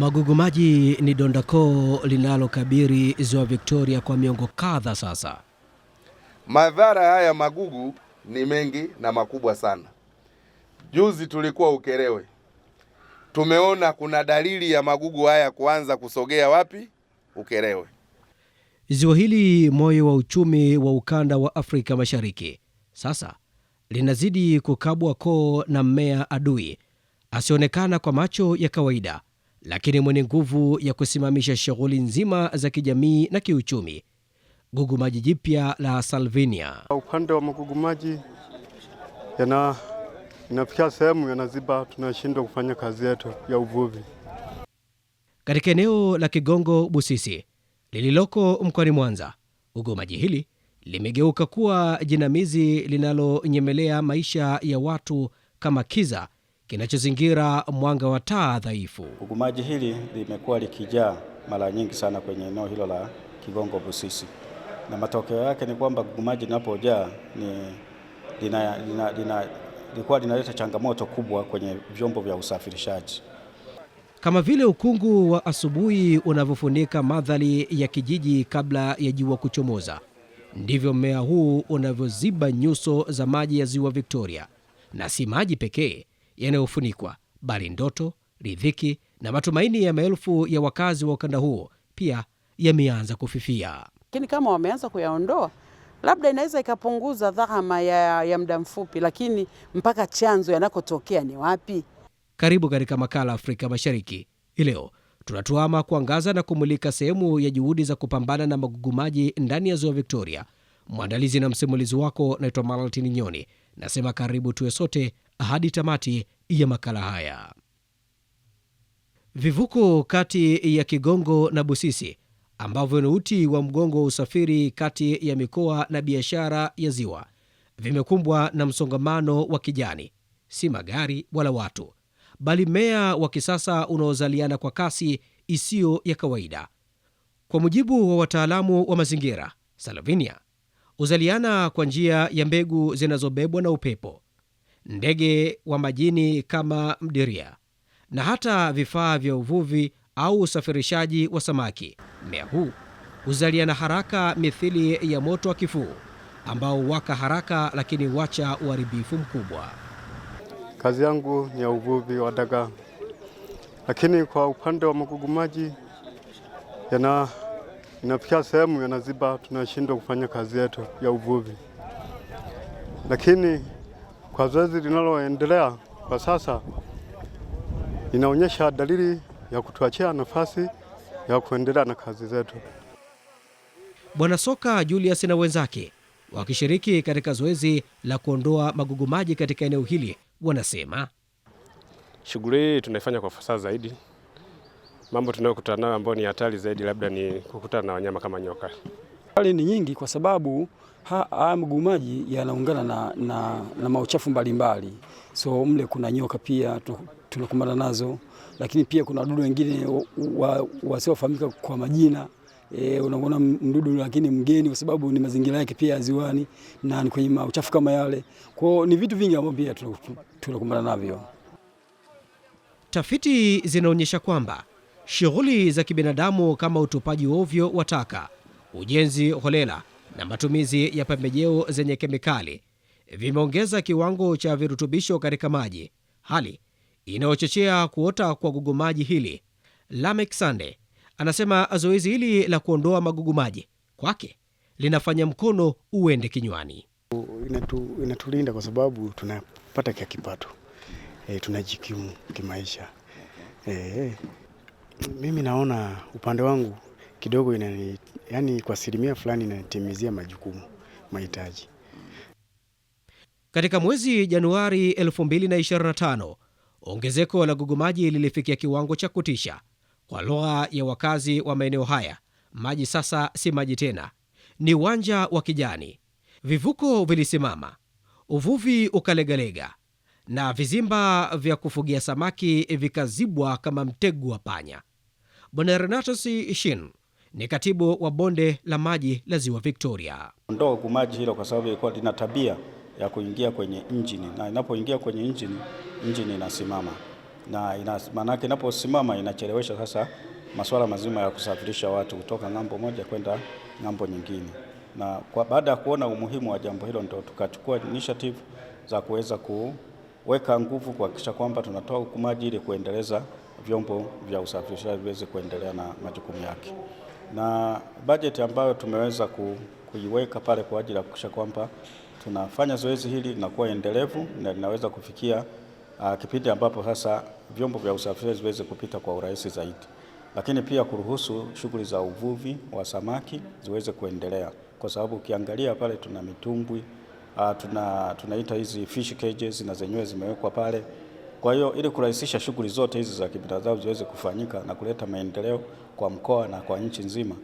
magugu maji ni donda linalo linalokabiri ziwa Victoria kwa miongo kadha sasa. Madhara haya magugu ni mengi na makubwa sana. Juzi tulikuwa Ukerewe, tumeona kuna dalili ya magugu haya kuanza kusogea wapi? Ukerewe. Ziwa hili moyo wa uchumi wa ukanda wa Afrika Mashariki sasa linazidi kukabwa koo na mmea adui asionekana kwa macho ya kawaida lakini mwenye nguvu ya kusimamisha shughuli nzima za kijamii na kiuchumi. Gugumaji jipya la Salvinia. Upande wa magugumaji yana inafikia sehemu yanaziba, tunashindwa kufanya kazi yetu ya uvuvi. Katika eneo la Kigongo Busisi lililoko mkoani Mwanza, gugumaji hili limegeuka kuwa jinamizi linalonyemelea maisha ya watu kama kiza kinachozingira mwanga wa taa dhaifu. Gugumaji hili limekuwa likijaa mara nyingi sana kwenye eneo hilo la Kigongo Busisi, na matokeo yake ni kwamba gugumaji linapojaa ni lina, lina, lina, likuwa linaleta changamoto kubwa kwenye vyombo vya usafirishaji. Kama vile ukungu wa asubuhi unavyofunika madhari ya kijiji kabla ya jua kuchomoza, ndivyo mmea huu unavyoziba nyuso za maji ya ziwa Victoria, na si maji pekee yanayofunikwa, bali ndoto, ridhiki na matumaini ya maelfu ya wakazi wa ukanda huo pia yameanza kufifia. Lakini kama wameanza kuyaondoa, labda inaweza ikapunguza dhahama ya, ya muda mfupi, lakini mpaka chanzo yanakotokea ni wapi? Karibu katika makala Afrika Mashariki hii leo tunatuama kuangaza na kumulika sehemu ya juhudi za kupambana na magugumaji ndani ya ziwa Victoria. Mwandalizi na msimulizi wako naitwa Malaltini Nyoni, nasema karibu tuwe sote hadi tamati ya makala haya. Vivuko kati ya Kigongo na Busisi ambavyo ni uti wa mgongo wa usafiri kati ya mikoa na biashara ya ziwa vimekumbwa na msongamano wa kijani, si magari wala watu, bali mmea wa kisasa unaozaliana kwa kasi isiyo ya kawaida. Kwa mujibu wa wataalamu wa mazingira, Salvinia huzaliana kwa njia ya mbegu zinazobebwa na upepo ndege wa majini kama mdiria na hata vifaa vya uvuvi au usafirishaji wa samaki. Mmea huu huzaliana haraka mithili ya moto wa kifuu ambao waka haraka lakini wacha uharibifu mkubwa. Kazi yangu ni ya uvuvi wa dagaa, lakini kwa upande wa magugu maji yana inafikia sehemu yanaziba, tunashindwa kufanya kazi yetu ya uvuvi, lakini kwa zoezi linaloendelea kwa sasa, inaonyesha dalili ya kutuachia nafasi ya kuendelea na kazi zetu. Bwana Soka Julius na wenzake wakishiriki katika zoezi la kuondoa magugu maji katika eneo hili wanasema shughuli hii tunaifanya kwa ufasaha zaidi. Mambo tunayokutana nayo ambayo ni hatari zaidi labda ni kukutana na wanyama kama nyoka. Hali ni nyingi kwa sababu haya mgumaji yanaungana na, na, na mauchafu mbalimbali, so mle kuna nyoka pia tunakumbana nazo, lakini pia kuna wadudu wengine wasiofahamika wa, wa kwa majina E, unaona mdudu lakini mgeni kwa sababu ni mazingira yake pia ya ziwani na ni kwenye mauchafu kama yale. Kwao ni vitu vingi ambavyo pia tunakumbana navyo. Tafiti zinaonyesha kwamba shughuli za kibinadamu kama utupaji ovyo wa taka ujenzi holela na matumizi ya pembejeo zenye kemikali vimeongeza kiwango cha virutubisho katika maji, hali inayochochea kuota kwa gugu maji hili. Lamek Sande anasema zoezi hili la kuondoa magugu maji kwake linafanya mkono uende kinywani. Inatu, inatulinda kwa sababu tunapata kia kipato e, tunajikimu kimaisha e, mimi naona upande wangu kidogo inani, yani kwa asilimia fulani inanitimizia majukumu mahitaji. Katika mwezi Januari 2025 ongezeko la maji lilifikia kiwango cha kutisha. Kwa lugha ya wakazi wa maeneo haya, maji sasa si maji tena, ni uwanja wa kijani. Vivuko vilisimama, uvuvi ukalegalega, na vizimba vya kufugia samaki vikazibwa kama mtego wa panya. Bwana Renatus Shin ni katibu wa bonde la maji la ziwa Victoria. kwa maji hilo kwa sababu ilikuwa lina tabia ya kuingia kwenye injini, na inapoingia kwenye injini, injini inasimama na ina, maanake inaposimama inachelewesha sasa masuala mazima ya kusafirisha watu kutoka ng'ambo moja kwenda ng'ambo nyingine. Na kwa baada ya kuona umuhimu wa jambo hilo, ndio tukachukua initiative za kuweza kuweka nguvu kuhakikisha kwamba tunatoa hukumaji ili kuendeleza vyombo vya usafirishaji viweze kuendelea na majukumu yake na bajeti ambayo tumeweza ku, kuiweka pale kwa ajili ya kuhakikisha kwamba tunafanya zoezi hili linakuwa endelevu na linaweza kufikia uh, kipindi ambapo sasa vyombo vya usafiri viweze kupita kwa urahisi zaidi, lakini pia kuruhusu shughuli za uvuvi wa samaki ziweze kuendelea, kwa sababu ukiangalia pale tuna mitumbwi uh, tuna tunaita hizi fish cages na zenyewe zimewekwa pale kwa hiyo ili kurahisisha shughuli zote hizi za kibinadamu ziweze kufanyika na kuleta maendeleo kwa mkoa na kwa nchi nzima,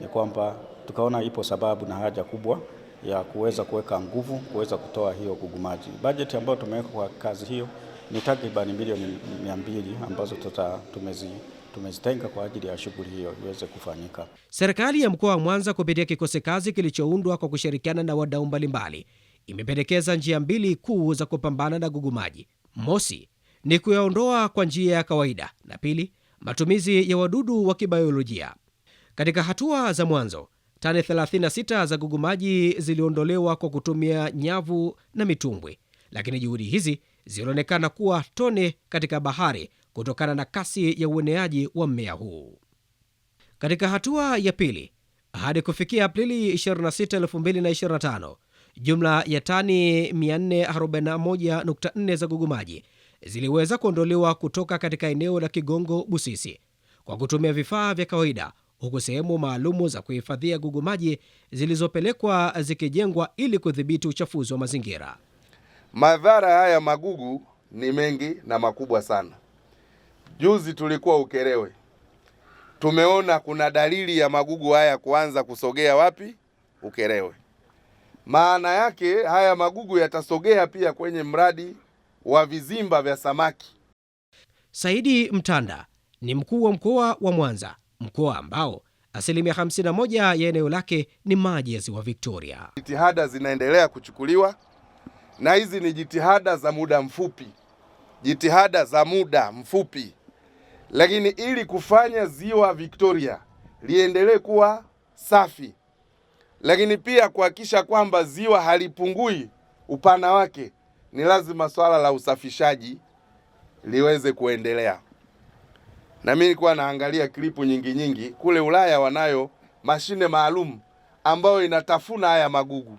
ni kwamba tukaona ipo sababu na haja kubwa ya kuweza kuweka nguvu kuweza kutoa hiyo gugumaji. Bajeti ambayo tumeweka kwa kazi hiyo ni takribani milioni mia mbili ambazo tuta tumezi tumezitenga kwa ajili ya shughuli hiyo iweze kufanyika. Serikali ya mkoa wa Mwanza kupitia kikosi kazi kilichoundwa kwa kushirikiana na wadau mbalimbali imependekeza njia mbili kuu za kupambana na gugumaji. Mosi, ni kuyaondoa kwa njia ya kawaida, na pili, matumizi ya wadudu wa kibayolojia. Katika hatua za mwanzo, tani 36 za gugu maji ziliondolewa kwa kutumia nyavu na mitumbwi, lakini juhudi hizi zilionekana kuwa tone katika bahari kutokana na kasi ya ueneaji wa mmea huu. Katika hatua ya pili, hadi kufikia Aprili 26, 2025 jumla ya tani 441.4 za gugu maji ziliweza kuondolewa kutoka katika eneo la Kigongo Busisi kwa kutumia vifaa vya kawaida, huku sehemu maalumu za kuhifadhia gugu maji zilizopelekwa zikijengwa ili kudhibiti uchafuzi wa mazingira. Madhara haya magugu ni mengi na makubwa sana. Juzi tulikuwa Ukerewe, tumeona kuna dalili ya magugu haya kuanza kusogea wapi? Ukerewe. Maana yake haya magugu yatasogea pia kwenye mradi wa vizimba vya samaki. Saidi Mtanda ni mkuu wa mkoa wa Mwanza, mkoa ambao asilimia 51 ya eneo lake ni maji ya ziwa Victoria. Jitihada zinaendelea kuchukuliwa na hizi ni jitihada za muda mfupi, jitihada za muda mfupi, lakini ili kufanya ziwa Victoria liendelee kuwa safi, lakini pia kuhakikisha kwamba ziwa halipungui upana wake, ni lazima swala la usafishaji liweze kuendelea. Na mimi nilikuwa naangalia klipu nyingi nyingi, kule Ulaya wanayo mashine maalum ambayo inatafuna haya magugu,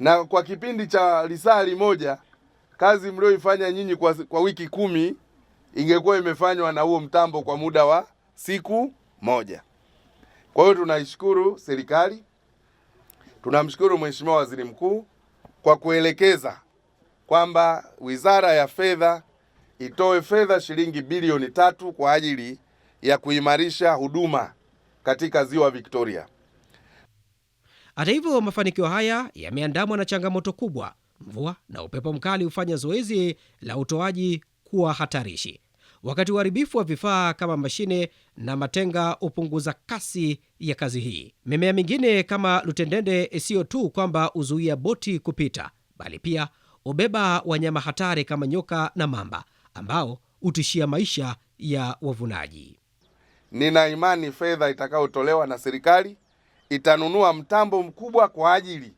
na kwa kipindi cha lisali moja kazi mlioifanya nyinyi kwa, kwa wiki kumi ingekuwa imefanywa na huo mtambo kwa muda wa siku moja. Kwa hiyo tunaishukuru serikali, tunamshukuru Mheshimiwa Waziri Mkuu kwa kuelekeza kwamba Wizara ya Fedha itoe fedha shilingi bilioni tatu kwa ajili ya kuimarisha huduma katika Ziwa Victoria. Hata hivyo, mafanikio haya yameandamwa na changamoto kubwa. Mvua na upepo mkali hufanya zoezi la utoaji kuwa hatarishi, wakati uharibifu wa vifaa kama mashine na matenga hupunguza kasi ya kazi hii. Mimea mingine kama lutendende isiyo tu kwamba huzuia boti kupita, bali pia hubeba wanyama hatari kama nyoka na mamba ambao hutishia maisha ya wavunaji. Nina imani fedha itakayotolewa na serikali itanunua mtambo mkubwa kwa ajili,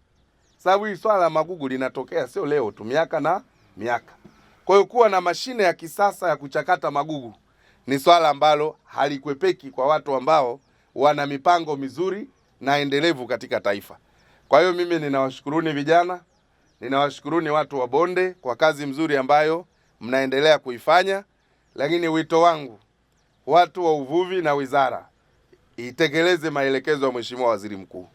sababu hii swala la magugu linatokea sio leo tu, miaka na miaka. Kwa hiyo kuwa na mashine ya kisasa ya kuchakata magugu ni swala ambalo halikwepeki kwa watu ambao wana mipango mizuri na endelevu katika taifa. Kwa hiyo mimi ninawashukuruni vijana ninawashukuruni watu wa Bonde kwa kazi mzuri ambayo mnaendelea kuifanya, lakini wito wangu watu wa uvuvi na wizara itekeleze maelekezo ya Mheshimiwa Waziri Mkuu.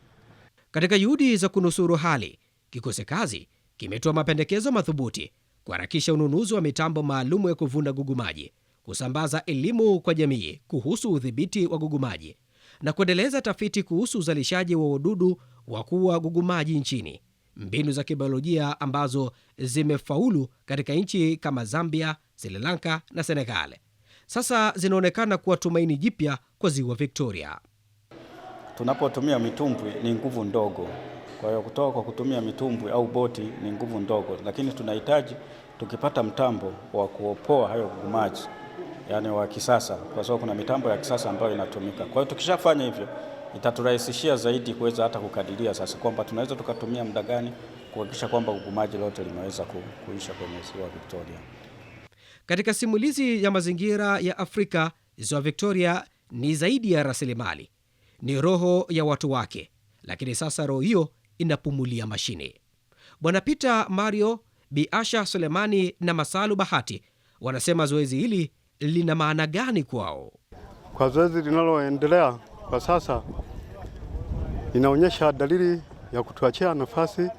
Katika juhudi za kunusuru hali, kikosi kazi kimetoa mapendekezo madhubuti kuharakisha ununuzi wa mitambo maalumu ya kuvuna gugu maji, kusambaza elimu kwa jamii kuhusu udhibiti wa gugu maji na kuendeleza tafiti kuhusu uzalishaji wa wadudu wa kuua gugu maji nchini mbinu za kibiolojia ambazo zimefaulu katika nchi kama Zambia, Sri Lanka na Senegal sasa zinaonekana kuwa tumaini jipya kwa ziwa Victoria. Tunapotumia mitumbwi ni nguvu ndogo, kwa hiyo kutoka kwa kutumia mitumbwi au boti ni nguvu ndogo, lakini tunahitaji tukipata mtambo wa kuopoa hayo maji, yani wa kisasa, kwa sababu kuna mitambo ya kisasa ambayo inatumika. Kwa hiyo tukishafanya hivyo itaturahisishia zaidi kuweza hata kukadiria sasa kwamba tunaweza tukatumia muda gani kuhakikisha kwamba ugumaji lote limeweza kuisha kwenye ziwa Victoria. Katika simulizi ya mazingira ya Afrika, ziwa Victoria ni zaidi ya rasilimali, ni roho ya watu wake, lakini sasa roho hiyo inapumulia mashine. Bwana Peter Mario, biasha Sulemani na Masalu Bahati wanasema zoezi hili lina maana gani kwao? Kwa zoezi linaloendelea kwa sasa inaonyesha dalili ya kutuachia nafasi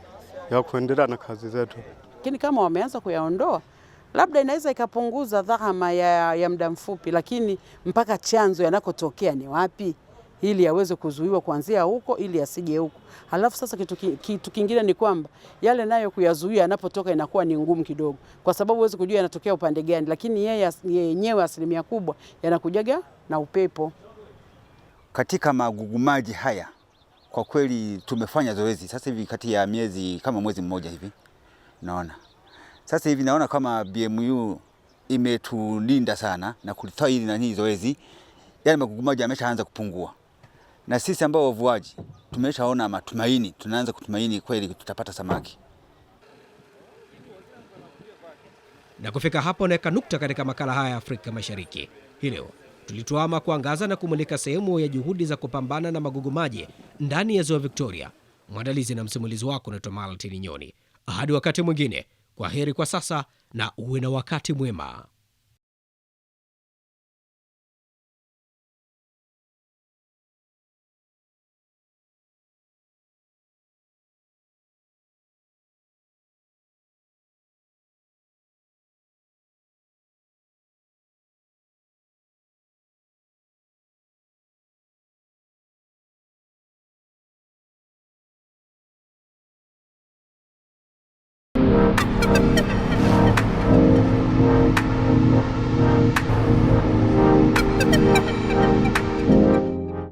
ya kuendelea na kazi zetu, lakini kama wameanza kuyaondoa labda inaweza ikapunguza dhahama ya, ya muda mfupi, lakini mpaka chanzo yanakotokea ni wapi, ili yaweze kuzuiwa kuanzia huko, ili yasije huko. Halafu sasa kitu, kitu kingine ni kwamba yale nayo kuyazuia yanapotoka inakuwa ni ngumu kidogo, kwa sababu huwezi kujua yanatokea upande gani, lakini yeye yenyewe asilimia kubwa yanakujaga na upepo. Katika magugumaji haya kwa kweli tumefanya zoezi sasa hivi kati ya miezi kama mwezi mmoja hivi, naona sasa hivi naona kama BMU imetulinda sana na kulitoa hili na hili zoezi, yani magugumaji yameshaanza kupungua, na sisi ambao wavuaji tumeshaona matumaini, tunaanza kutumaini kweli tutapata samaki. Na kufika hapo naweka nukta katika makala haya ya Afrika Mashariki hii leo. Tulituama kuangaza na kumulika sehemu ya juhudi za kupambana na magugu maji ndani ya ziwa Victoria. Mwandalizi na msimulizi wako naitwa Maltini Nyoni. Hadi wakati mwingine, kwa heri kwa sasa na uwe na wakati mwema.